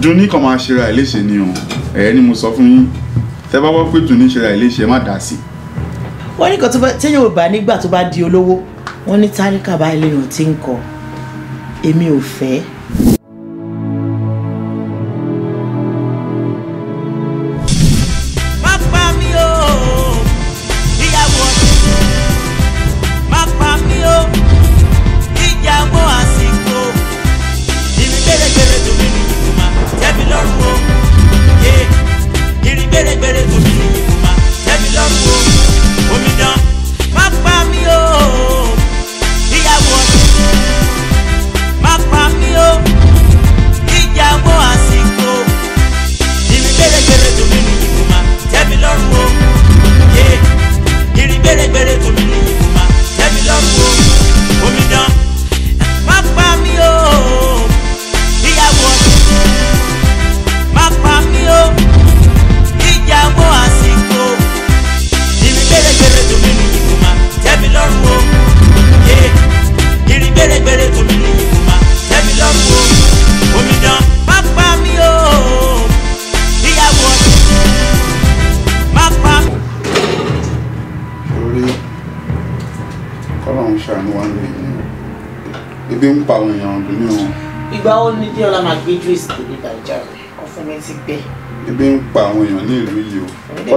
Dunni kan máa ṣera ẹ̀ léṣe ni o ẹ̀ẹ́ ni mo sọ fún yín tẹ́ bá wọ́n pé Dunni ṣera ẹ̀ léṣe má dà sí. wọ́n ní kan tó bá téèyàn ò bá nígbà tó bá di olówó wọ́n ní táríkà báyìí lèèyàn ti ń kọ èmi ò fẹ́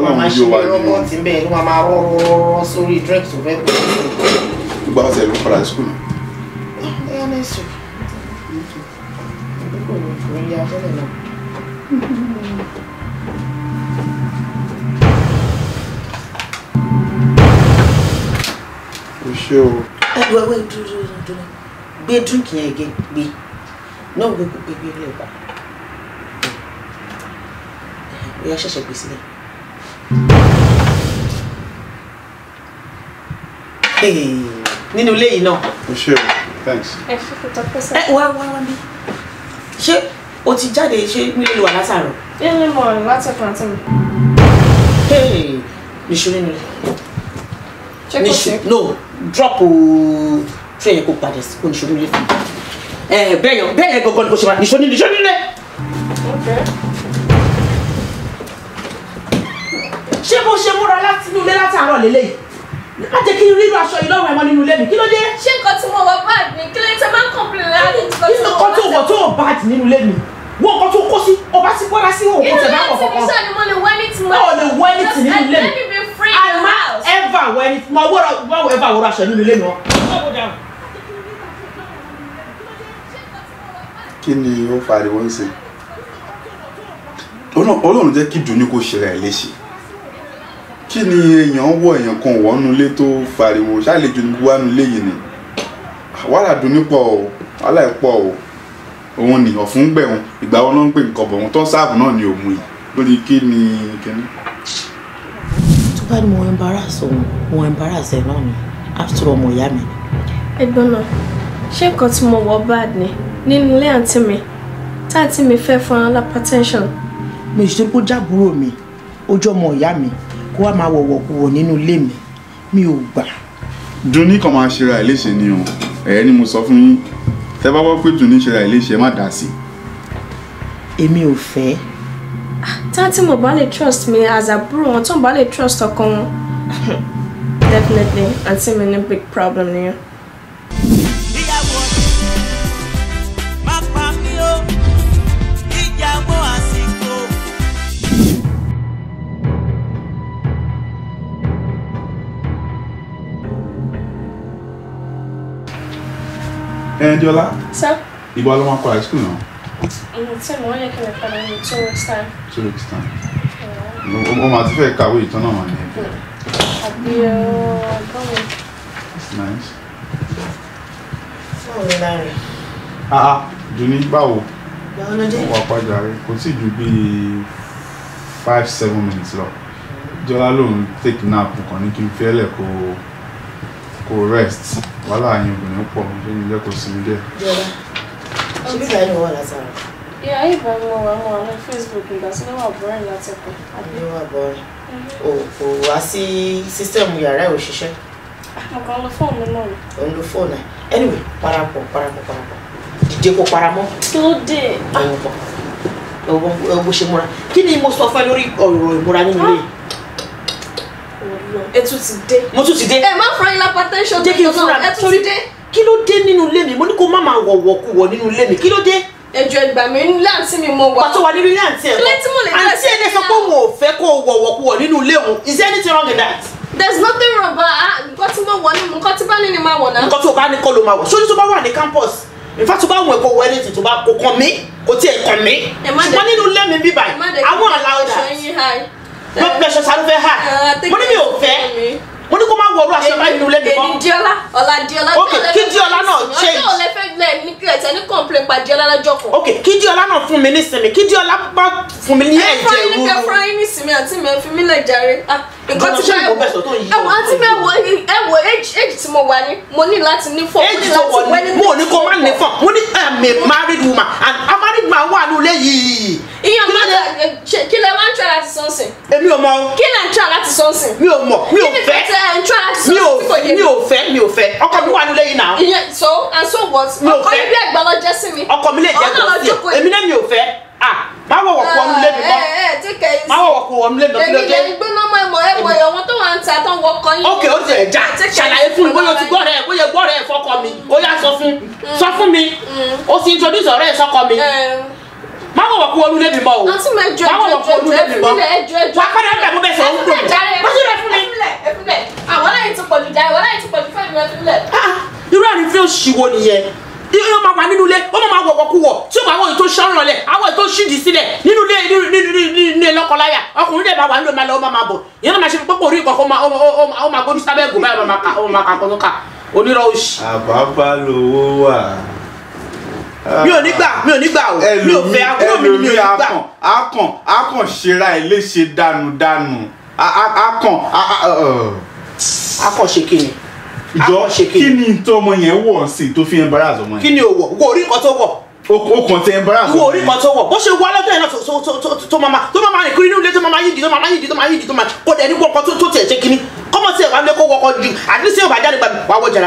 máa máa ṣe rọ́bọ̀tì bẹ́ẹ̀ ló máa máa rọ́rọ́rọ́ sórí drugs tó fẹ́ pè é. gbogbo àwọn sẹ́yìn ló padà school. ẹ ẹ ní sùn. o ṣe o. ẹ wẹ́wẹ́ dúró dúró gbé dúkì yẹn gé gbé náà gbé gbé gbé lè bá. ó yá ṣẹ̀ṣẹ̀ gbé sílẹ̀. nínú ilé yìí náà. o ṣe o thanks. ẹ ṣe kò tọ́ pẹ́sẹ̀. ẹ wá wá wá mi ṣé o ti jáde ṣé nílé ló wà látàárọ̀. nílé mo rìn látẹ̀kùn àti mi. nìṣó nínú ilé. ṣé kò ṣe. no drop ooo tí ẹ̀yẹ kò padà sí kò nìṣó nínú ilé fún mi. bẹ́ẹ̀ yẹn bẹ́ẹ̀ yẹn ni kò ṣe máa nìṣó nínú ilé. ṣé bó ṣe múra láti inú ilé látàárọ̀ lélẹ́yìí má jẹ́ kí n rírú aṣọ yìí lọ́rùn ẹ̀wọ̀n nínú ilé mi kí ló dé. ṣé nǹkan tí mo wọ bad mi kí ló tẹ máa ń kọ̀m̀pìlẹ̀ láti nǹkan tí mo wọ. nǹkan tó wọ tó wọ báàgì nínú ilé mi wọ nǹkan tó kó sí ọba sí bọ́ra sí òkú tẹ̀ bá kọ̀ọ̀kan. inú ilé tìmísà ni mo lè wọ ẹni tí mo. lè wọ ẹni tì nínú ilé mi. just let me be free in your house. ẹ̀fà wọ ẹni tí mo wọ́n ẹ̀fà wọ aṣọ nínú ilé mi wọn. kí ni ó fariwo ń ṣe? ọlọ́run jẹ́ kí dùn ní kò ṣẹlẹ̀ léṣe kí ni èèyàn wọ èèyàn kan wọnú ilé tó fariwo ṣàlejò ní gbogbo wánú ilé yìí ni wàhálà dunni pọ̀ o wàhálà ẹ̀ pọ̀ òun ni ọ̀fun gbẹ̀hún ìgbà wọn náà ń pè nǹkan bọ̀ wọn tó sáàbù náà ni òun yìí lórí kí ni kíní. tó bá ní mo embarrass òun mo embarrass ẹ náà ni after all mo yá mi. ẹ̀gbọ́n náà ṣé nǹkan tí mo wọ bad ni nínú ilé àǹtí mi tá àǹtí mi fẹ́ fún alápatẹ́ńṣọ̀n. mo ìṣèlú jábúrò mi ojú ọmọ ìyá mi kó wá máa wọ̀wọ̀ kú wọ̀ nínú ilé mi mi ò gbà. dunni kan máa ṣera ẹ̀ ni o ẹ̀yẹ́ ni mo sọ fún yín tẹ́ bá wọ́n pé dunni ṣera ẹ̀ má dà sí. èmi ò fẹ́. Ah, tanti mo ba le trust mi as àbúrò wọn tó ba le trust ọkọ wọn definitely àǹtí mi ní big problem nìyẹn. Enjola? Sir? Ìgbà ló máa kọ́ high school náà? Tí mo yẹ kí n padà ní two weeks time. Two weeks time. Ó máa ti fẹ́ kàwé ìtàn náà ní ẹ̀kọ́. Àbí ọgọ́rùn-ún. That's nice. Báwo ni láàrin? Ah, Dùní ah, báwo? Báwo ló dé? Wà pàjá rẹ̀, kò tí ju bíi five seven minutes lọ. Jọlá lòun take nap kàn ní kí n fi ẹlẹ́kọ̀ọ́ kò rest wàhálà yín obìnrin pọ̀ ṣé ní ilé kò sinmi díẹ̀. ṣé bí ìgbà yìí wọ́n wà látara. ìyá ìbá mi wà mọ́ àwọn Facebook ìgbà tí wọ́n wà bọ́rin látẹ̀kọ̀. àbí wà bọ́rin o kò wá sí sísẹ́mù yàrá ẹ̀ òṣìṣẹ́. Ah, mo kàn ń lo fóònù náà. ò ń lo fóònù ẹ̀ anyway parapọ̀ parapọ̀ parapọ̀ dìde kó paramọ́. tó dé. ọ̀wọ́ bó ṣe múra kí ni mo sọ fún ẹ lórí ọ̀rọ̀ ìmúra nínú ah, ilé yìí ẹ tún ti dé. mo tún ti dé. ẹ má fura yín lápá tẹ́ńsọ̀n tó yọ náà ẹ tún ti dé. kí ló dé nínú ilé mi mo ní kó má máa wọ̀wọ̀ kú wọ̀ nínú ilé mi kí ló dé. ẹjọ ẹgbà mi nílé àǹtí mi mo wà. pàtó wà nínú ilé àǹtí ẹ kọ àǹtí ẹ lè sọ pé òun ò fẹ́ kó wọ̀wọ̀ kú wọ̀ nínú ilé òun is there anything wrong with that. there's nothing wrong but ah, nǹkan tí mo wọ ni nǹkan tí bá ní ni máa wọ̀ náà. nǹkan tó bá ní kọ́ ló máa wọ̀ sójú tó bá wà ní campus ìfà tó bá wọn ẹ̀kọ́ wọlé tó bá kò kàn mí kò tiẹ̀ kàn mí ṣùgbọ́n nínú ilé mi bíbáyìí àwọn àlàó dà. ẹ má dẹ̀ kí n ṣe ọṣọ yín háì wọ́n fi aṣọ sáré fẹ́ hà ah, mo ní mi ò fẹ́ mo ní kó má wọ orú aṣọ bá inú lẹ́nu kan. èyí diola ọ̀la diola ok kí diola náà change. ọjọ́ òlẹ́fẹ́ gbẹ ní kẹ̀tẹ́ ní complain pa diola lọ́jọ́ kan. ok kí diola náà fún mi nísìnyí kí diola bá fún mi ní ẹ̀jẹ̀ rúru. ẹ fọyín ní sinmi àti mi fi mí lẹ̀ jàre. Ah, nǹkan tí mo ẹwọ àti mi ẹwọ ẹwọ éjì tí mo wà ní mo ní láti ní fọ. éjì tó wọ ni mo ní kó má ní fọ mo ní um, I'm a married woman and a married man wà ní ilé yìí ìyẹn ọmọ ṣe kí lè máa ń try láti sọ́nsìn. èmi ò mọ o. kí lè ń try láti sọ́nsìn. mi ò mọ mi ò fẹ́. kí ni kí n try láti sọ́nsìn tí kò yé mi. mi ò fẹ́ mi ò fẹ́ ọkọ mi wà nílé yìí náà. ìyẹn so and so what. mi ò fẹ́ ọkọ mi bí ẹgbẹ́ lọ jẹ́ sí mi. ọkọ mi lè jẹ́ gbọ́ sí èmi náà mi ò fẹ́ ah máa wọ̀ wọ̀kú ọmọ ilé mi mọ́ eh, eh, eh, máa wọ̀ wọ̀kú ọmọ ilé mi mọ́ kí ló dé. èmi gbóná mọ ẹmọ ẹmọ ẹ wọn tó wà ń ta tó ń wọkọ yín. ok o tẹ ja ṣàlàyé fún mi bóyá o ti gbọ́ rẹ̀ bóyá gbọ́ rẹ̀ fọkọ mi ó yá sọ fún sọ mm. fún mi mm. o sì introduce ọ̀rẹ́ sọkọ mi wọ̀ kú olú lẹ́mìí mọ́ o má wọ̀ kú olú lẹ́mìí mọ́ wà á padà bẹ̀ mú bẹ̀ sọ̀rọ̀ kúrò wọ́n ti rẹ̀ fún mi. àwọn láyé ti pọ̀jù jáde wọ́n láyé ti pọ̀jù fẹ́ẹ̀ mi ọdún lẹ̀. irú àrífín òṣìwò nìyẹn yóò máa wà nínú ilé ó máa wọ̀ wọ̀kú wọ̀ tí ó máa wọ̀ ètò sọ́ràn lẹ̀ àwọn ètò ṣídìí sílẹ̀ nínú ilé nínú ilé lọ́kọláya ọkùnrin dẹ̀ máa wà nílò máa lọ ó máa bọ̀ ìyẹn náà máa ṣe pọ́pọ́ orí ìkọ̀kọ̀ ó máa gbójú sábẹ́ ẹ̀gùn báyìí ó máa kà ó máa kà kọ́ńtà onírọ̀ òṣì. àbábá lowó wà mi ò ní gbà mi ò ní gbà o mi ò fẹ́ àbúrò mi ni mi ò ní gbà. akàn akàn ṣera ẹ léṣe dànùdànù akàn akàn ṣe kí ni jọ kí ni tọmọ yẹn wọ̀ sí tó fi embarrass ọmọ yẹn. kí o wọ̀ wo orí nǹkan tó wọ̀. o kàn tẹ embarrass ọmọ yẹn. wo orí nǹkan tó wọ̀ bó ṣe wọ alọ́jọ́ yẹn náà tó máa tó máa rìn kiri nínú ilé tó máa yídi tó máa yídi tó máa yídi tó máa kó dẹ̀ ní wọ́kọ̀ tó tẹ̀ ṣe kí ni kọ́mọ tí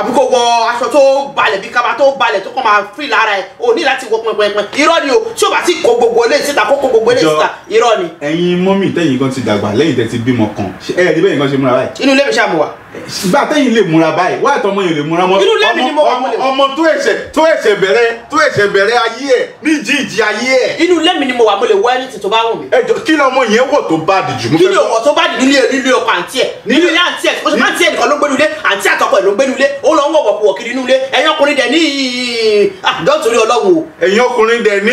àbí kò wọ aṣọ tó balẹ̀ bí kaba tó balẹ̀ tó kàn máa fi lára ẹ̀ o ní láti wọ pẹ́pẹ́pẹ́ irọ́ ni o tí o bá ti kó gbogbo ilé síta kó kó gbogbo ilé síta irọ́ ni. ẹ̀yin mọ́mì tẹ̀yin kan ti dàgbà lẹ́yìn tẹ́ ti bímọ kan ẹ ẹ kan ṣe múra báyìí. inú ilé mi ṣáà ìgbà tẹ́yìn lè múra báyìí wá àtọmọ yìí lè múra mọ́ ọmọ tó ẹ̀ṣẹ̀ tó ẹ̀ṣẹ̀ bẹ̀rẹ̀ tó ẹ̀ṣẹ̀ bẹ̀rẹ̀ ayé ẹ̀ ní jíjí ayé ẹ̀. inú ilé mi ni mo wà mo lè wọ ẹni tí tó bá wù mí. ẹ jọ kí ni ọmọ yẹn wọ̀ tó bá dìjú. kí ni ọwọ́ tó bá dìjú nílé nílé ọkọ àǹtí ẹ̀ nílé ilé àǹtí ẹ̀ o sì máa ń tiẹ̀ nìkan ló gbénu ilé àǹtí àtọkọ ẹ̀ ló gbénu ilé ó lọ ń wọ̀wọ̀ kú ọ̀kiri inú ilé ẹ̀yin ọkùnrin dẹ̀ ní àdọ́tòrí ọlọ́run o. ẹ̀yin ọkùnrin dẹ̀ ní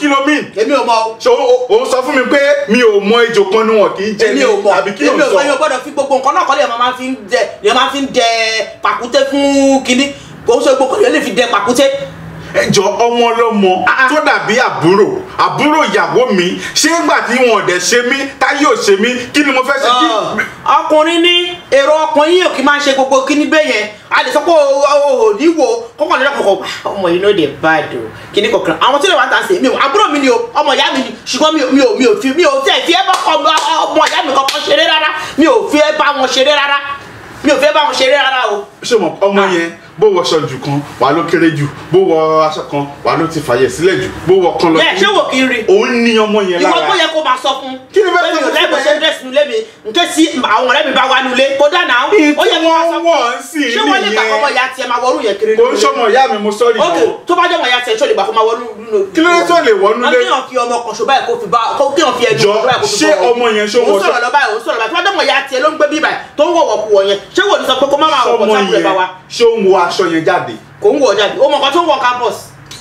kí ló mìn. èmi ò mọ. so o sọ fún mi pé mi ò mọ ejò kan ni wọn kì í jẹ ní àbí kí ló sọ. èmi ò mọ èmi ò gbọ́dọ̀ fi gbogbo nǹkan náà kọ́lé ẹ̀ máa fi ń dẹ yẹn máa fi ń dẹ pàkúté fún kínní kò ń gbogbo yẹn lè fi dẹ pàkúté ẹjọ ọmọ ọlọmọ ah, ah. tó dàbí àbúrò àbúrò ìyàwó mi ṣé ńgbà tí wọn ọdẹ ṣe mí táyé ò ṣe mí kí ni mo fẹ́ ṣe kí. ọkùnrin ní èrò ọkùnrin yìí ò kí máa ṣe gbogbo kíní bẹ́ẹ̀ yẹn a lè sọ pé o ò ní wo kọ́kọ́ lọ́dọ̀ kọ̀kọ́ ọmọ yìí ló dé bad o kíní kọ̀ọ̀kan àwọn tí lè wá ta sí mi o àbúrò mi ni o ọmọ ìyá mi ni ṣùgbọ́n mi ò mi ò fi mi ò fi fi ẹ bá ọmọ ìyá mi kọ̀ọ̀kan ṣeré rárá mi ò fi ẹ bá wọn ṣeré rárá mi ò fẹ́ bá wọn ṣeré rárá o. ṣé mo ọmọ ah. yẹn bó wọ aṣọ jù kan wà ló kéré jù bó wọ aṣọ kan wà ló ti fàyè sílẹ̀ jù bó wọ kan lọ. bẹ́ẹ̀ ṣé wò kí n rí. òun ní ọmọ yẹn lára. ìwọ tó yẹ kó máa sọ fún. kí ni bẹ́ẹ̀ tó yẹ kó máa sọ fún. bẹ́ẹ̀ mi ò ṣe dẹ́sí nulẹ̀ mi n kẹ́ àwọn ọ̀rẹ́ mi bá wà nulẹ̀ kó dáná ó yẹ kí wọ́n wọ̀ ń sì ní ìyẹn ṣé wọ́n lè gbà fọmọ ìyá tiẹ̀ máa wọlú yẹn kiri nínú. o ń sọmọ ìyá mi mo sọrí náà. ok tó bá jẹ́ ọmọ ìyá tiẹ̀ ṣó lè gbà fọmọ wọlú nínú. kí ló dé tó lè wọnú lé. kéèyàn fi ọmọ kan ṣo báyìí kó fi bá kéèyàn fi ẹnu kan báyìí kó fi bá ọ. ṣé ọmọ yẹn ṣó wọ sọ. òun sọ̀rọ̀ lọ báyìí òun sọ̀rọ̀ báyìí tó bá jẹ́ ọmọ ìyá tiẹ̀ ló ń gbé bí báyìí tó ń wọ̀wọ̀ kú wọ̀ yẹn ṣé wò ní sọ pé kó má máa wọ̀ pọ̀ sáfù rẹ̀ bá wa. ṣé ó ń wọ aṣọ yẹn jáde. kò ń wọ̀ jáde ó mọ̀ kan tó ń wọ campus.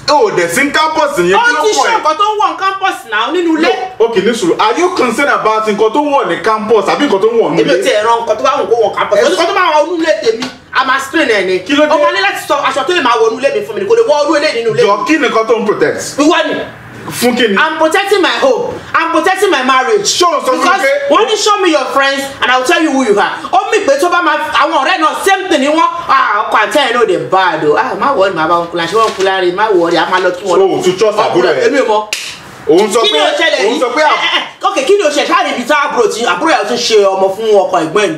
Oh, the sí campus yẹn kí ló pọ̀ ẹ̀. ó ti ṣe nǹkan tó ń wọ̀ ní campus náà nínú ilé. ok ní are you concerned about nǹkan tó ń wọ̀ ní campus àbí nǹkan tó ń wọ̀ nílé. èmi ò tiẹ̀ ran nǹkan tó bá wọ̀ wọ̀ campus ó ní nǹkan tó máa wọ̀ nínú ilé tèmi a máa strain ẹ̀ ni. kí ló dé o ní láti sọ aṣọ tó lè máa wọ̀ nínú ilé mi fún mi kò lè wọ̀ ọdún ilé mi. jọ kí nìkan tó ń protect. wíwá ni fún kí i'm protecting my hope i'm protecting my marriage. ṣé o sọ fún mi pé because wọ́n ní show me your friends and i will tell you who you are. ó mì pé tó bá máa àwọn ọ̀rẹ́ náà same thing ni wọ́n ah, ọkọ̀ àti ẹ̀yìn ló dé bad o ah má wọ̀ọ́rì má bá wọn kúlá ṣé wọ́n kúlá rè má wọ̀ọ́rì a máa lọ kí wọ́n. so òtún trust àbúrò rẹ èmi mọ òun sọ pé òun sọ pé ok kí ni o ṣe ṣáà níbi tá àbúrò tí àbúrò yà ó ti ṣe ọmọ fún ọkọ ẹ̀gbọ́n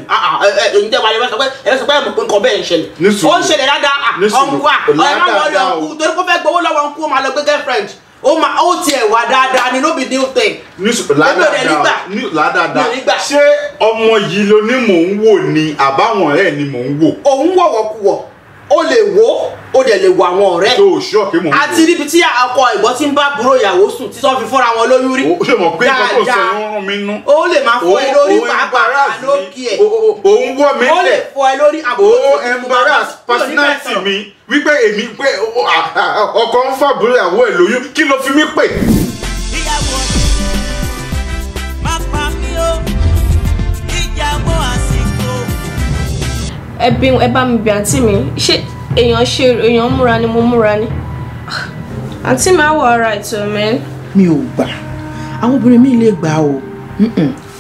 ẹ ẹ ẹ ǹjẹ́ wàá ẹ sọ pé ẹ sọ pé ẹ mọ̀ pé nǹkan bẹ́ẹ̀ ń ṣẹlẹ̀ ó ń ṣẹlẹ̀ dáadáa ah, ọ̀nkú à ọ̀rẹ́ máa wọlé ọ̀nkú torí kó fẹ́ gbowó lọ́wọ́ ọ̀nkú ó máa lọ gbé girlfriend ó ma ó tiẹ̀ wá dáadáa ni no be new thing. ní ládàáda ní ládàáda ṣé ọmọ yìí ló ní mò ń wò ni àbáwọn ẹ̀ ni mò ń wò. òun wọ̀wọ̀ kú wọ̀ o lè wo o dẹ̀ lè wo àwọn ọ̀rẹ́. tó o sọ pé mò ń wo. àti níbi tí ọkọ ìgbọ́ ti ń bá burú ìyàwó sùn tí sọ́ọ́ fi fọ́ra wọn lóyún rí. o ṣe mọ̀ pé nǹkan tó sọ ń rún mi nú. o lè máa fọ ẹ lórí pàápàá lókè ẹ. o ń wọ mi lẹ. o lè fọ ẹ lórí àbúrò. o embarrass personality mi wípé èmi pé ọkọ ń fà burú ìyàwó ẹ lóyún kí ló fi mí pè. ẹ bí ẹ bá mi bí àǹtí mi ṣé èèyàn ṣe èèyàn múra ni mo múra ni àǹtí mi á wọ ara ètò mi. mi ò gbà àwọn obìnrin mi lè gbà o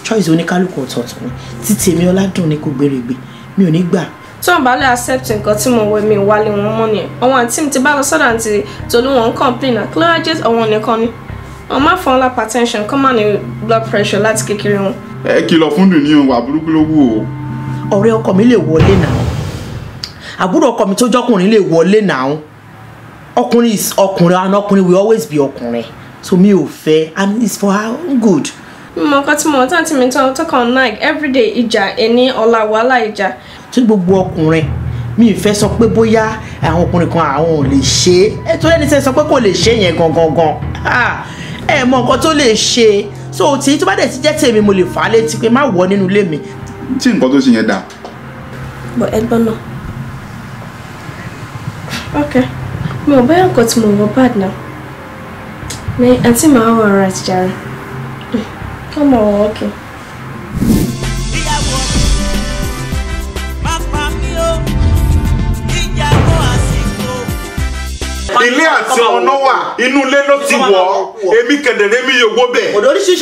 choice oníkálukú ọ̀tọ̀ọ̀tọ̀ ni títí èmi ọládùn ni kò gbèrègbè mi ò ní gbà. tó ń balẹ̀ accept nǹkan tí mo wẹ̀ mi wálé wọn mọ́ ni àwọn àǹtí mi ti bá lọ sọ́dọ̀ àǹtí tolú wọn ń complain na clearages ọ̀wọ́n nìkan ni wọn máa fọ́n lápá tension kọ́ máa ní blood pressure láti kékeré wọn. ẹ kìlọ̀ fún dùn ní òun burúkú ló o ọ̀rẹ́ ọkọ mi lè wọlé náà àbúrò ọkọ mi tó jọkùnrin lè wọlé náà ọkùnrin is ọkùnrin and ọkùnrin will always be ọkùnrin so mi ò fẹ́ and it's for her own good. mo kọ́ tí mo tán tí mi tán tọkọ nike everyday ìjà ẹni ọ̀la wàhálà ìjà. tí gbogbo ọkùnrin mi ì fẹ́ sọ pé bóyá àwọn ọkùnrin kan àwọn ò lè ṣe é ẹ tó ẹni sẹ́ sọ pé kò lè ṣe yẹn gangan gan ẹ mọ nǹkan tó lè ṣe so tí tó bá dẹ̀ ti jẹ́ tèmi mo lè fà á létí pé má wọ nínú ilé mi tí nǹkan tó ṣe yẹn dáa. bọ ẹ̀gbọ́n náà ok mi ò báyọ̀ nǹkan tí mo wọ bad now ni àǹtí màá wọ ọ̀rọ̀ àtijọ́ rẹ̀ kí wọ́n mọ̀ wọ́n okay. ilé àti ọ̀nà wà inú ilé ló ti wọ̀ ọ́ èmi kẹ̀dẹ̀rẹ́ mi yòwó bẹ̀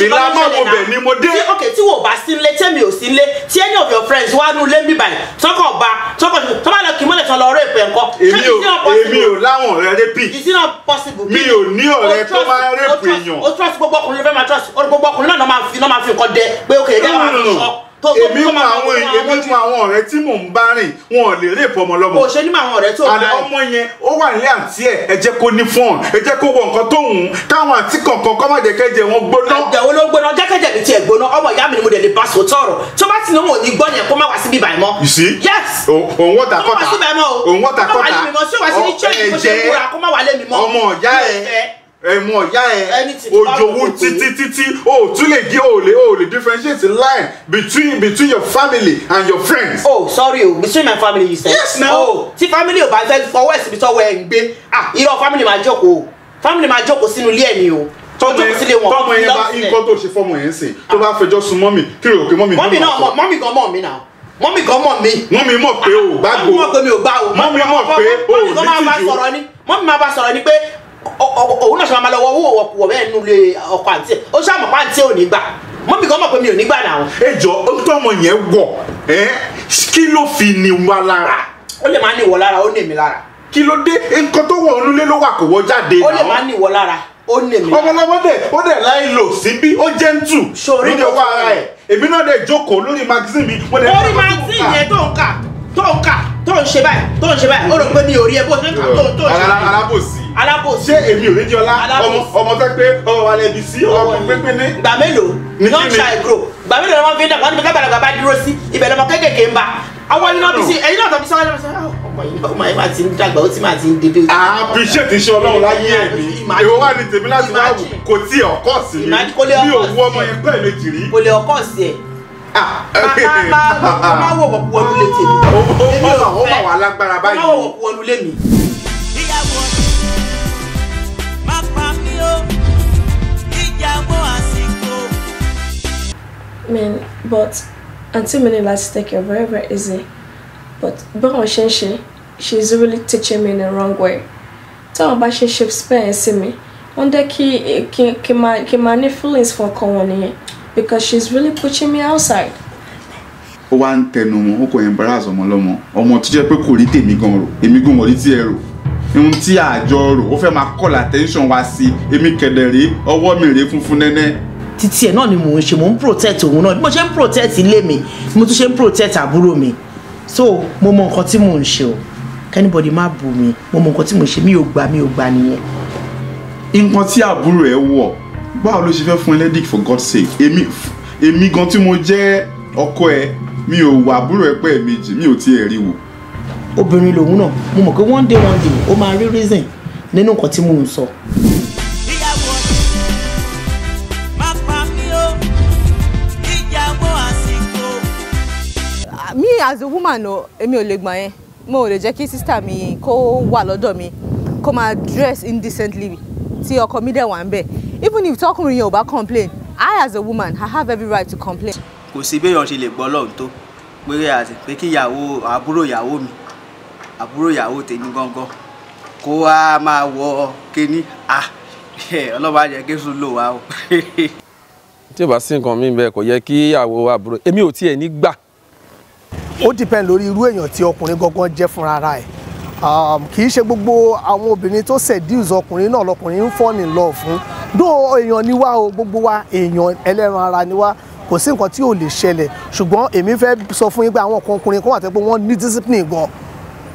ìlànà wo bẹ̀ ni mo dé. ok tí wò bá sí ilé tẹ́mi ò sí ilé tí any of your friends wá nú ilé mi báyìí tọkọ̀ bá tọkọ̀ tọ́ba lọ kì í mọ́lẹ̀ tán lọ ọ̀rọ̀ ìpè ńkọ́. èmi ò èmi ò láwọn ọ̀rẹ́ rẹ́pì mi ò ní ọ̀rẹ́ tó máa rẹ́pì yàn. o trust gbogbo ọkùnrin fẹ́ máa trust gbogbo ọkùnrin náà máa fi nǹkan dẹ pé ok ẹ èmi mọ àwọn èmi mọ àwọn ọ̀rẹ́ tí mò ń bá rìn wọn ò lè rèpọ̀ ọmọ lọ́mọ. òṣè ní àwọn ọ̀rẹ́ tó bá rìn. ọmọ yẹn ó wà nílé àǹtí ẹ̀ ẹ jẹ́ kó ní fọ́ọ̀n ẹ jẹ́ kó wọ nǹkan tó wù káwọn àǹtí kọ̀ọ̀kan kọ́ má jẹ́ wọn gbóná. àjẹwò ló gbóná jẹ́kẹ́jẹ́ mi tiẹ̀ gbóná ọmọ ìyá mi ni mo lè lè bá sọ tọrọ tó bá ti ní you see yes ẹ̀mú ọ̀yá ẹ̀ òjòwú títí títí o tún lè gé o lè o lè differentiate line between between your family and your friends. oh sorry o between my family you say. yes na o oh, tí family ò bá fẹ́ fọwọ́ ẹ̀sìn bí sọ́wọ́ ẹ̀ ń gbé ah irọ́ family máa jókòó family máa jókòó sínú ilé ẹ̀ ni o tọ́jú sílé wọn tọ́mọ yẹn bá nǹkan tó ṣe fọ́mọ yẹn sìn tó bá ah. fẹjọ́ sùn mọ́mì kí ló kí mọ́mì mọ́mì náà mọ́mì gan mọ́ mi náà mọ́mì gan mọ́ mi. mọ́mì mọ̀ pé o ò ah, gbàgbọ́ mọ́mì mọ̀ pé o ò ní tìjú mọ́mì gan máa bá sọ̀rọ̀ ni mọ́mì máa bá sọ̀rọ̀ ni pé òun náà ṣe máa lọ wọ owó ọ̀pọ̀ bẹ́ẹ̀ nù lé ọkọ̀ àǹtí ó ṣàmù pàǹtí ò ní gbà mọ́mí kan mọ̀ pé mi ò ní gbà náà. ẹ jọ ohun tó ọmọ yẹn wọ kí ló fi ní wa lára. ó lè máa ní ìwọ lára ó ní èmi lára. kí ló dé nǹkan tó wọ onúlé ló wà kó wọ jáde náà. ó lè máa ní ìwọ lára ó ní èmi lára. ọmọlọmọ dẹ ó dẹ láì lò síbí ó jẹ́ ń tù lóde wá ara ẹ̀ èmi náà dẹ jókòó lórí magazine mi. lórí magazine yẹn tó ń kà tó ń kà tó ń ṣe báyìí tó ń ṣe báyìí ó rò pé mi ò rí ẹ bó ṣe ń kà tó ń ṣe báyìí. alábòsí alábòsí. ṣé èmi ò ní ọmọ fẹ́ ọmọ wa lẹbi sí ọmọ pínpín ní. gbà mélòó non child grow gbà mélòó lọ́mọ fi ń dàgbà níbi kábàlà bàbá dúró sí ibẹ̀ lọ́mọ kékèké ń bá àwọn iná bí sí ẹyin náà tọ́ bí sí ah, ọlọ́run sọ ọmọ yìí máa ti ń dàgbà ó ti máa ti ń dédé. àpèṣẹ́ ti ṣe ọlọ́run láyé ẹ̀ mi èwo wà ní tèmi láti máa wù kò tí ẹ̀ ọkọ̀ sí mi bí òwú ọmọ yẹn pẹ́ méjì rí. kò lè ọkọ̀ sí ẹ̀ máa wọ̀ wọ̀ wọlé tèmi. ó mà wá lágbára báyìí. máa wọ̀ wọ̀ wọlé mi. I mean, but Auntie mi ní láti take it very very easy. But báwọn ṣe ń ṣe, she's really teaching me in the wrong way. Táwọn bá ṣe ṣe spare sí mi, wọ́n ki kí kí máa kí máa ní feelings for ọkọ wọn nìyẹn because she's really pushing me outside. One wá ń tẹnu mọ́, ó kò embarrass ọmọ lọ́mọ. Ọmọ tó jẹ́ pé kò rí tèmi gan rò, èmi gan wọ̀rí tí ẹ rò ohun call attention wá sí èmi kẹ̀dẹ̀ rèé ọwọ́ mi rèé funfun nẹ́nẹ́ títí ẹ̀ náà ni mò ń ṣe mò ń protect òun náà bí mo ṣe ń protect ilé mi mo tún ṣe ń protect àbúrò mi so mo mọ nǹkan tí mò ń ṣe o kẹ́nìbọ̀dì má bù mí mo mọ nǹkan tí mò ń ṣe mi ò gbà mi ò gbà nìyẹn. nǹkan tí àbúrò ẹ wọ báwo ló ṣe fẹ́ fún ẹlẹ́dìk for God's sake èmi èmi gan tí mo jẹ́ ọkọ ẹ mi ò wà àbúrò ẹ pẹ́ méjì mi ò tiẹ̀ rí wò. obìnrin lòun náà mo mọ̀ pé one day one day ó máa rí reason nínú nǹkan tí mò ń sọ. So as a woman o èmi ò lè gbà yẹn mo ò lè jẹ́ kí sísítà mi kó wà lọ́dọ̀ mi kó máa dress indecently tí ọkọ mi dẹ̀ wà ń bẹ̀ even if tọkùnrin yẹn ò bá complain I as a woman I have every right to complain. kò sí béèyàn ṣe lè gbọ́ ọlọ́run tó pé àti pé kí ìyàwó àbúrò ìyàwó mi àbúrò ìyàwó tèmi gangan kó wá máa wọ kíní à ah, ọlọ́mọ àjẹ kéṣù lò wá o. tí o bá sí nǹkan mi bẹ́ẹ̀ kò yẹ kí ìyàwó àbúrò èmi ò tiẹ̀ ní gbà ó depend lórí irú èèyàn tí ọkùnrin gangan jẹ́ fúnra ara ẹ̀ um, kì í ṣe gbogbo àwọn obìnrin tó seduce ọkùnrin náà lọkùnrin ń fall in love fún dó èèyàn ni wá o gbogbo wa èèyàn ẹlẹ́ran ara ni wá kò sí nǹkan tí ò lè ṣẹlẹ̀ ṣùgbọ́n èmi fẹ́ sọ fún yín pé àwọn ọkùnrin ọkùnrin kan wà tẹ́ pé wọ́n ní discipline gan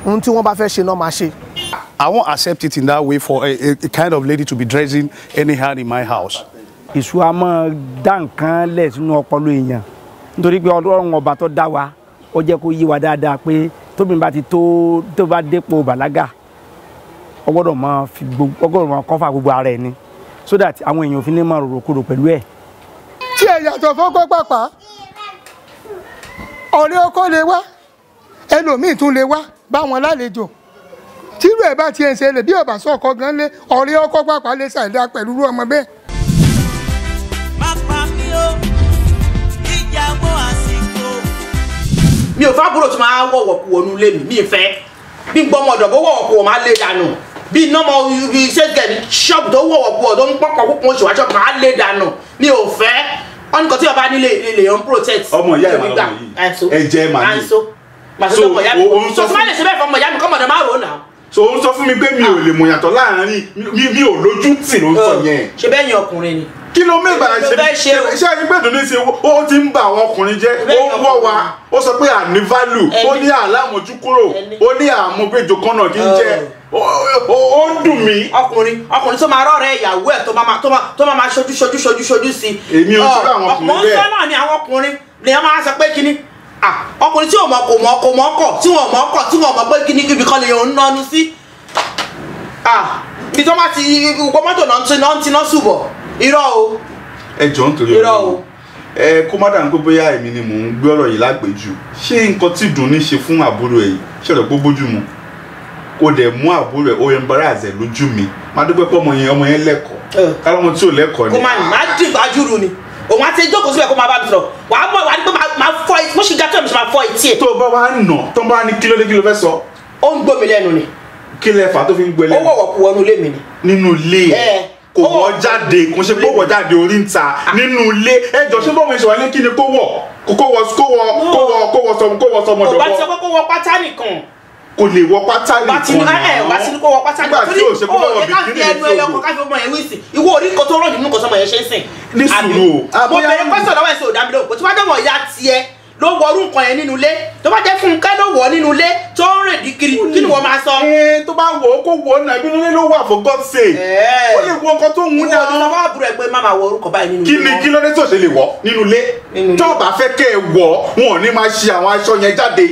ohun tí wọ́n bá fẹ́ ṣe náà máa ṣe. I won't accept it in that way for a, a kind of lady to be dressing anyhow in my house. Èṣù máa dá nǹkan lẹ̀ sínú ọpọlọ èèyàn nítorí pé ọlọ́run ọba tó dá wa ó jẹ́ kó yí wa dáadáa pé tóbi bá ti tó tó bá dépò bàlágà ó gbọ́dọ̀ máa fi gbogbo ó gbọ́dọ̀ máa kọ́fà gbogbo ara ẹ̀ ni so that àwọn èèyàn òfin lè máa rorò kúrò pẹ̀lú ẹ̀. tí ẹ yàtọ̀ fọ́kọ́ pàpà ọ̀rẹ́ ọkọ lè wá ẹlòmíì tún lè wá báwọn lálejò tírú ẹ̀ bá tiẹ̀ ń ṣẹlẹ̀ bí ọ̀bà sọ̀kọ gan lé ọ̀rẹ́ ọkọ pàpà lè ṣàìdá pẹ̀lú ọmọ bẹ́ẹ̀ mi ò fẹ́ àbúrò tí máa wọ̀wọ̀ kú wọnú ilé mi mi ì fẹ́ bí gbọmọ ọ̀dọ̀ bó wọ̀wọ̀ kú wọ̀ máa lé dànù bí iná mọ ibi iṣẹ́ gẹ̀ẹ́ni ṣọ́ọ̀bù tó wọ̀wọ̀ kú wọ̀ tó ń pọ̀kọ̀ púpọ̀ oṣù wáṣọ máa lé dànù mi ò fẹ́ wọ́n ní kan tí ọba nílé ilé yẹn ń protect ọmọ ìyá ìmọ̀ ọmọ yìí ẹ̀jẹ̀ màá ní so òun sọ fún mi so ó sọ fún mi pé mi ò lè mọ̀ yàtọ̀ láàrin mi ò lójú tì ló ń sọ yẹn ṣe bẹ́ẹ̀ yẹn ọkùnrin ni kí ló mẹ́gbàá ṣe ṣe ẹni pé ìdùnnú ṣe ó ti ń bà àwọn ọkùnrin jẹ́ ó ń wọ́ wa ó sọ pé àní value ó ní àlámọ̀jú kúrò ó ní àmúgbèjò kan náà kí n jẹ́ oh. ó ń dùn mí. ọkùnrin ọkùnrin tó máa rọrẹ ìyàwó ẹ tó máa tó máa ṣojú ṣojú ṣojú ṣojú sí. èmi ò sọ oh, àwọn ọkùnrin bẹ́ẹ̀ ọkùnrin sọ́nà ni àwọn ọkùnrin lèèyàn máa sọ pé kíní ọkùnrin tí ò mọ kò mọ kò mọ ọkọ tí wọn mọ ọkọ tí wọn mọ pé kíní kíbi kan lèèyàn ń nọnu sí. bí tó bá ti gbọ́ mọ́tò náà ń tiná ṣùgbọ́n irọ́ o. ẹ jọ ń torí irọ́ o. ẹ kó má dànù pé bóyá èmi ni mò ń gbé ọ̀rọ̀ yìí lágbèjù ṣé nǹkan tí Dùnní ṣe fún àbúrò ẹ̀ ṣọ̀rọ̀ pé bójú mu kó dẹ̀ mú àbúrò ẹ̀ ó yẹn bara àzẹ̀ lójú mi má dúpẹ́ pé ọmọ yẹn ọmọ yẹn lẹ́kọ̀ọ́ kára ọmọ tí ò lẹ́kọ̀ọ́ ni. kò máa má dín gbajúrù ni òun àti ìjókòó síbẹ̀ kó máa bá mi sọ̀rọ̀ wà á mọ̀ wà á ní pé máa fọ́ etí mo ṣì ga tó ẹ̀ mi sọ máa fọ́ etí ẹ̀. tó o bá wa nà tó o bá ní kí kí ló fẹ́ sọ. ó ń gbómi lẹ́nu ni. kí lẹ fà tó fi ń gbẹ lẹ́nu. ó wọ̀wọ̀ kú wọnú ilé mi ni. nínú ilé ẹ kò wọ́n jáde kò ṣe kó wọ́n jáde orí ń ta nínú ilé ẹjọ́ ṣé bọ́ọ̀mù ìṣòwò ní kí ni kó wọ̀ kó wọ kó wọ kó wọ kó wọ sọmọ kó wọ sọmọ dọ̀bọ. kò bá ti sọ pé kó wọ pátá nìkan. kò lè wọ pátá nìkan náà bá ti ní kó wọ pátá nìkan torí o ẹ ká fi ẹnu ẹyọ kan ká fi ọmọ yẹn wí sí ìwọ orí kan tó rọ̀ nínú kan sọmọ yẹn ṣe ń sìn. ní sùúrù o. mo bẹ̀rẹ̀ pẹ́sọ̀ lọ́wọ́ ẹ̀ ló wọrú nǹkan yẹn nínú ilé tó bá jẹ́ Fúnkẹ́ ló wọ̀ nínú ilé tó ń rìn dìgírì kí ni wọ́n máa sọ. tó bá wọ̀ ó kó wọ̀ náà ibi nílé ló wà for God's sake ó lè wọ ọkọ tó ń wú náà. wọ́n wá búrẹ́ pé máa wọ orúkọ báyìí nínú ilé. kí ni kí ló tó ṣe lè wọ̀ nínú ilé tó bá fẹ́ kẹ́ ẹ wọ̀ wọn ò ní máa ṣe àwọn aṣọ yẹn jáde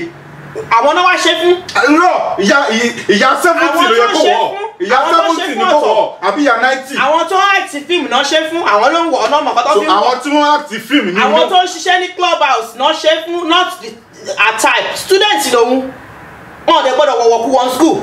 àwọn náà wá ṣe fún. irọ́ ìyá ìyá seventy ló yẹ kó wọ̀ ìyá seventy ni kó wọ̀ àbí ìyá ninety. àwọn tó act fíìmù náà ṣe fún àwọn ló ń wọ̀ ọ́nà ọmọ kọ́tọ́ fíìmù. àwọn tí wọ́n act fíìmù ni. àwọn tó ń ṣiṣẹ́ ní club house náà ṣe fún not a type. student lòun wọn ò dẹ̀ gbọ́dọ̀ wọ̀wọ̀ kú wọn school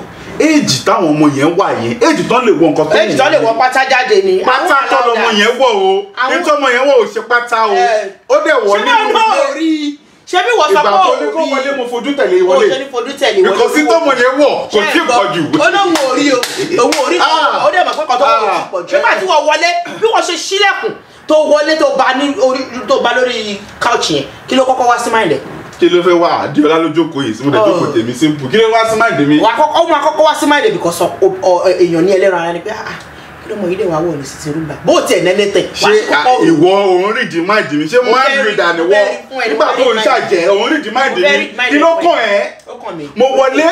éèjì táwọn ọmọ yẹn wà yẹn éèjì tán lè wọ nǹkan tó yẹn éèjì tán lè wọ pátá jáde ni. pátá tọ́lọ́mọ yẹn wọ̀ o ètò ọmọ yẹn wọ̀ ò ṣe pátá o eh. ó dẹ̀ wọ̀ nínú orí ṣé bí wọ́n sọ pé òun rí ìgbà tó ní kó wọlé mo fojú tẹ̀lé wọlé òun because tó mọ̀ yẹn wọ̀ kò tí ì pọ̀ jù. olóhùn orí o òun orí ah. kan ó dẹ̀ mọ̀ pé kan tó wọ̀ pọ̀ jù nígbà tí wọ́n wọlé bí wọ́n ṣe ṣílẹ̀kùn tó wọlé tó bá ní orí tó bá lórí couch yẹn kí ló kọ́kọ́ wá sí máìlì kí ló fẹ́ oh. wà á kọ́kọ́ wá sí máìlì because èèyàn ní ẹlẹ́ran ara ni ah, lọmọ yìí dẹ̀ wá wọ̀ ní sisi rúgbà bó tiẹ̀ nẹ́lẹ́ tẹ̀. ṣé ìwọ òun rìndì máa dì mí ṣé máa ń rìndà níwọ nígbà tó ń ṣàjẹ́ òun rìndì máa dì mí kí ló kàn ẹ́ mo wọlé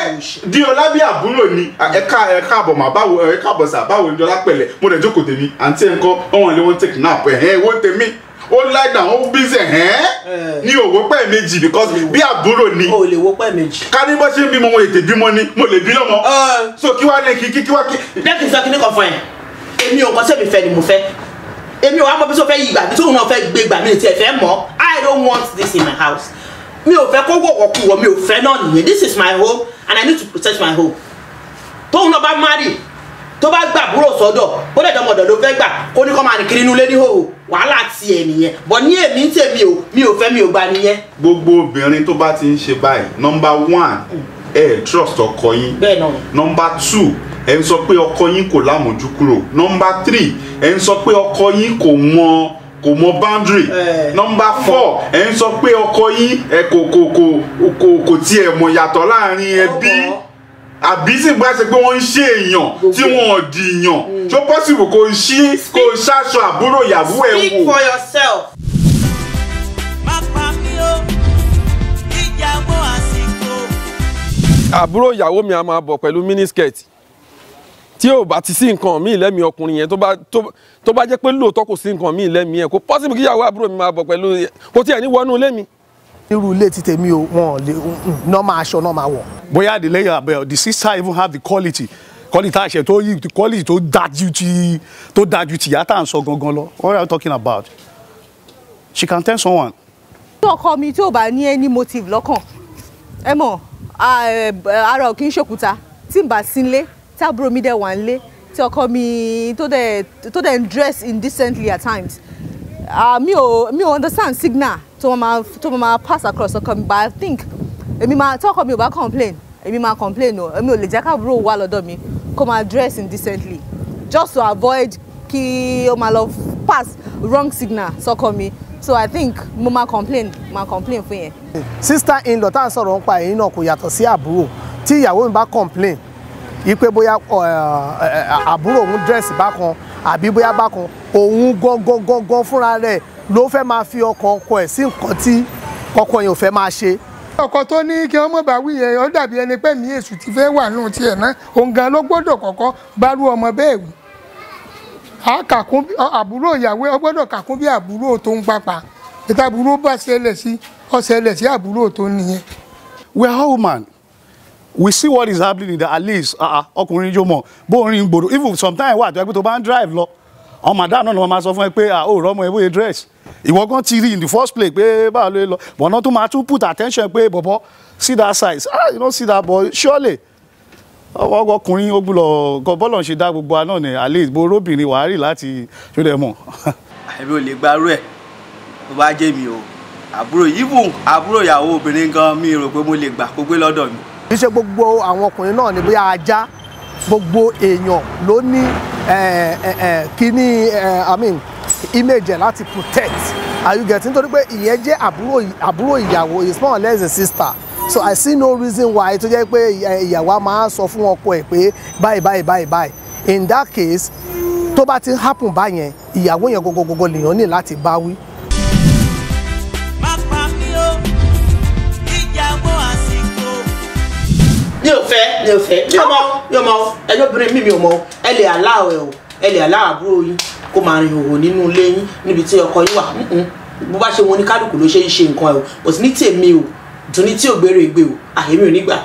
di ọlábí àbúrò ni ẹ̀ka ẹ̀ka àbọ̀ mà báwo ẹ̀ka àbọ̀ sà báwo ni ọlápẹ̀lẹ̀ mo dẹ̀ jókòó tèmi àǹtí ẹ̀ ń kọ́ ọ̀hún ilé wọn tèkì náà pẹ̀ ẹ̀ wọ́n tèmi ó láìdá ó bísẹ̀ ẹ́ ní òwò pẹ́ méjì because bí àbúrò ni o lè wo pẹ́ méjì. ká ní bó ṣe ń bímọ mo lè tè bímọ ni mo lè bí lọ́mọ. so kí wàá ní kí kí wàá kí. dẹ́kun sọ kí ní kan fún ẹ èmi ò kọ́sẹ́ mi fẹ́ ni mo fẹ́ èmi ò wá mọ̀ bí tó fẹ́ yí gbà bí tóun náà fẹ́ gbé gbà mi tiẹ̀ fẹ́ mọ̀ I don't want this in my house mi ò fẹ́ kó wọ̀wọ̀ kú wọ mi ò fẹ́ náà nìyẹn this is my home and I need to protect my home tóun náà bá marry tó bá gbà búrò sọ́dọ̀ ó lè dánmọ̀dọ̀ ló fẹ́ gbà kó ní kó máa nìkiri inú ilé ní hòhò wàhálà tiẹ̀ nìyẹn bọ̀ ní èmi ń tèmi o mi ò fẹ́ mi ò gba nìyẹn. gbogbo obìnrin tó bá ti ń ṣe báyìí nọmba one mm. ẹ trust ọkọ yín Number two ẹ ń sọ pé ọkọ yín kò lámójú kúrò nọmba three ẹ ń sọ pé ọkọ yín kò mọ kò mọ boundary nọmba four ẹ ń sọ pé ọkọ yín ẹ kò kò kò kò kò tiẹ̀ mọ̀ yàtọ̀ láàrin ẹbí àbí sì ṣe pé wọ́n ń ṣe èèyàn tí wọ́n ò di èèyàn tó mm. pọ́sibù kò ṣí kò ṣaṣọ àbúrò ìyàwó ẹ̀ wò. speak for yourself. àbúrò ìyàwó mi a máa bọ̀ pẹ̀lú miniskirt tí ò bá ti sí nǹkan míì lẹ́mìí ọkùnrin yẹn tó bá jẹ́ pé lóòótọ́ kò sí nǹkan míì lẹ́mìí ẹ̀ kó pọ́sibú kíyàwó àbúrò mi máa bọ̀ pẹ̀lú kó tiẹ̀ ní wọnú ilé mi. irú ilé ti tèmi o wọn ò lè mm, ná máa aṣọ náà máa wọ. bóyá the layer abel the sister even have the quality quality àṣẹ tó yí quality tó dájú ti tó dájú ti yàtà ń sọ gangan lọ what are you talking about she can tell someone. ní ọkọ mi tí ò bá ní any motive lọ́kàn ẹ mọ̀ ara ò kì í ṣòkúta tí n tábúrò mi dẹ̀ wà ń lé tí ọkọ mi tó dẹ̀ tó ń dress indecently at times uh, mi ò mi ò understand signal tó máa tó máa pass across ọkọ mi but I think èmi máa tí ọkọ mi ò bá complain èmi máa complain o èmi ò lè jẹ́ káàbúrò wà lọ́dọ̀ mi kó máa dress indecently just to avoid kí ó máa lọ pass wrong signal sọkọ mi so I think mo máa complain máa complain fún yẹn. sister in law tá à ń sọ̀rọ̀ ń pa ẹ̀yìn náà kò yàtọ̀ sí àbúrò tí ìyàwó mi bá complain wípé bóyá àbúrò òun dírẹ́sì bákan àbí bóyá bákan òun gangan gangan fúnra rẹ̀ ló fẹ́ máa fi ọkàn ọkọ ẹ̀ sí nǹkan tí ọkọ yẹn ò fẹ́ máa ṣe ọkọ tó ní kí wọn mọ bá wí yẹn ó dàbí ẹni pé mi èṣù ti fẹ́ wà nù tiẹ̀ náà òun gan ló gbọ́dọ̀ kọ́kọ́ bá rú ọmọ bẹ́ẹ̀ wí. àkàkún àbúrò ìyàwó ọ gbọ́dọ̀ kàkún bí àbúrò tó ń papà ìta bá ṣẹlẹ̀ sí ọ̀ṣẹlẹ̀ sí àbúrò tó nìyẹn. we are all man we see what is happening in the alleys ah, ah, ọkùnrin jó mọ̀ bóorin gbòòrò even sometimes wà tó yẹ pé tó bá ń drive lọ àwọn madam náà ni wọ́n máa sọ fún ẹ pé ah, ó rọ́mọ ẹ bóyá dress ìwọ gan ti rí in the first place pé báwo ló lọ but náà tó máa tún put attention pé bọ̀bọ̀ see that size ah you no see that boy. surely ọkùnrin ó gbúlọ̀ kọ bọ́ọ̀lù ṣe dá gbogbo àná ni alleys bó róbìnrin wàá rí láti ṣó dẹ mọ̀. àbí o lè gbarú ẹ tó bá jẹ́ mi o àbúrò yìí bùn àbúrò ìyàwó obìnrin gan mi rò pé mo lè gbà kó gbé lọ́dọ̀ mi kì í ṣe gbogbo àwọn ọkùnrin náà ní bóyá ajá gbogbo èèyàn ló ní kíní i mean image ẹ̀ láti protect are you getting nítorí pé ìyẹn jẹ́ àbúrò ìyàwó is more or less a sister so i see no reason why tó jẹ́ pé ìyàwó máa sọ fún ọkọ ẹ̀ pé báyìí báyìí báyìí báyìí in that case tó bá ti ń happen báyẹn ìyàwó yẹn gogogogo lèèyàn ní láti bá wí fẹ́ mi ò fẹ́ mi ò mọ mi ò mọ ẹyọ obìnrin mi mi ò mọ ẹ lè aláwọ̀ ẹ̀ o ẹ lè aláwọ̀ àbúrò yín kó máa rìn òwò nínú ilé yín níbi tí ọkọ yín wà bó bá ṣe wọn ní kálukú ló ṣe ń ṣe nǹkan ẹ̀ o kò sí ní tèmi o dùn ní tí ògbéró ìgbé o àyèmí ò ní gbà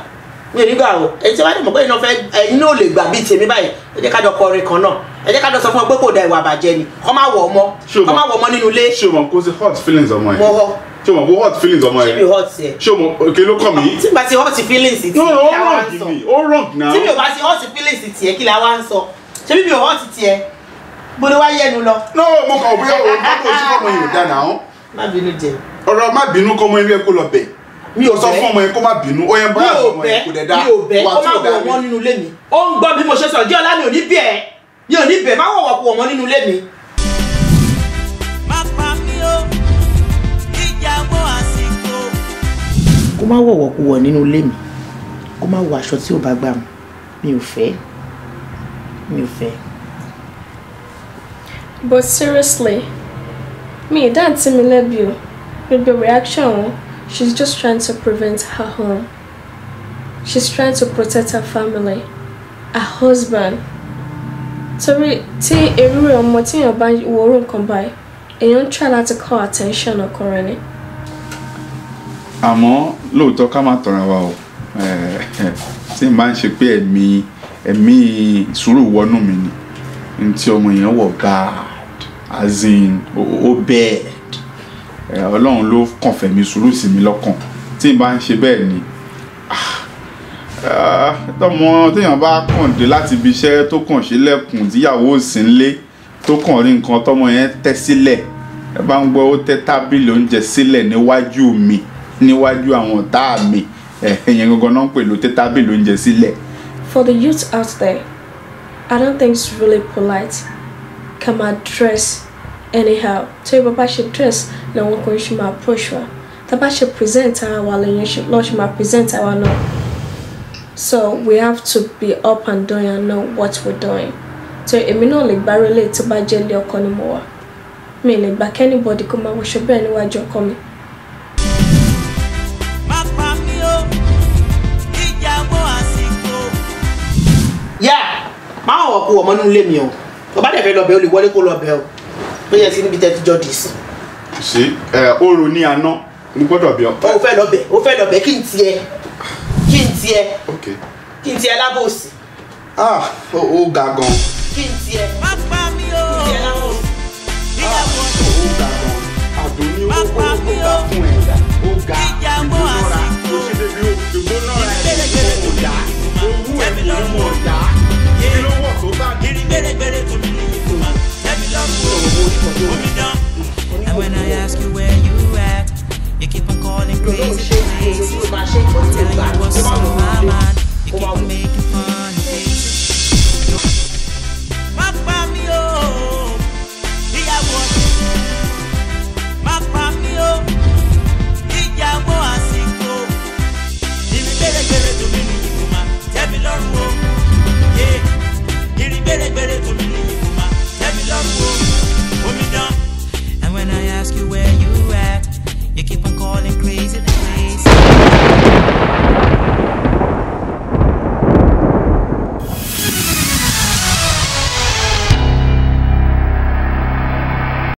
mi ò ní gbà o ẹ̀yin tí wàá dì mọ̀ pé iná fẹ́ ẹ̀yin náà lè gbà bíi tèmi báyìí ẹ jẹ́ ká jọ kọrin kan náà ẹ jẹ́ ká jọ sọ fún ọ pé kò da ìwà àbàjẹ́ ni kọ́ má wọ̀ ọmọ kọ́ má wọ̀ ọmọ nínú ilé. ṣé o mọ̀ kó o ṣe hot feelings ọmọ yẹn. mo họ ṣé o mọ̀ hot feelings ọmọ yẹn ṣé mi hot yẹ ṣé o mọ̀ òkè ló kọ̀ mí. tí mi bá ti hot feelings tiẹ̀ kí la wá ń sọ ó wrong na. tí mi ò bá ti hot feelings tiẹ̀ kí la wá ń sọ ṣé mi ò hot tiẹ̀ bóde wá yẹnu lọ. no mo kàn bóyá o bá tó sí ọmọ yìí ò dáná o. má bínú jẹ. ọ̀rọ̀ má bínú kọ́ ọmọ yẹn kó lọ bẹ̀ mi ò sọ fún ọmọ yẹn kó má bínú ó yẹn bá ọmọ yẹn kó dẹ̀ dá wà tó dá mi. mi ò bẹ̀ kó má wọ̀ wọ́n nínú ilé mi. ó ń gbọ́ bí mo ṣe sọ̀rọ̀ jẹ́ ọ̀la mi ò ní bẹ̀ mi ò ní bẹ̀ má wọ̀ wọ̀ pọ̀ wọ́n nínú ilé mi. má wọ̀wọ̀ kú wọ̀ nínú ilé mi kó má wọ aṣọ tí ò bá gbà mú mi ò fẹ́ mi ò fẹ́. but seriously mi ì dá àǹtí mi lẹ́bi o gbogbo reaction wọn she's just trying to prevent her harm. she's trying to protect her family her husband torí tí èrú rẹ̀ ọmọ tíyàn bá wọ́ọ́rọ̀ nǹkan báyìí èèyàn ń try láti call attention ọkùnrin ni àmọ́ lóòótọ́ ká má tọ̀ra wa o tí n bá ń ṣe pé ẹ̀mí ẹ̀mí sùúrù wọnú mi ni n tí ọmọ yẹn wọ̀ bad as in ó bad ọlọ́run ló kàn fẹ̀mí sùúrù sí mi lọ́kàn tí n bá ń ṣe bẹ́ẹ̀ ni ah, ah, tọmọ téèyàn bá kàn dé láti ibi iṣẹ́ tó kàn sílẹ̀kùn tíyàwó sì ń lé tó kàn rí nǹkan tọmọ yẹn tẹ́ sílẹ̀ ẹ bá ń gbọ́ ó tẹ́ tábìlì oúnjẹ sílẹ̀ níwájú mi níwájú àwọn ọ̀tá mi ẹ̀yẹn gangan náà ń pè oúnjẹ sílẹ̀. For the youth out there, I don't think it's really polite ká máa dress anyhow tó yẹ bàbá ṣe dress náà wọn kò ń ṣe máa approach wa tá a bá ṣe present ara wa lèyìn náà ṣe máa present ara náà. So we have to be up and doing and know what we're doing so èmi náà lè gbá relé tó bá jẹ́ ilé ọkọ ni mo wà mi lè gbà kẹ́nìbọ̀dì kó máa wọṣọ bẹ́ẹ̀ níwájú ọkọ mi pé ọmọ nínú lèmi o tó bá dẹ̀ fẹ́ lọ bẹ̀ o lè wọlé kó lọ bẹ̀ o pé yẹn sí níbi tẹ́ ti sí. ẹ oorun ní aná ní gbọ́dọ̀ bí ọ. o fẹ́ lọ bẹ̀ o fẹ́ lọ bẹ̀ kí n tiẹ̀ kí n tiẹ̀ kí n tiẹ̀ lábòsí. ah o ga gan. kí n tiẹ̀ kí n tiẹ̀ lábòsí. ah o ga gan àdùnní ó ga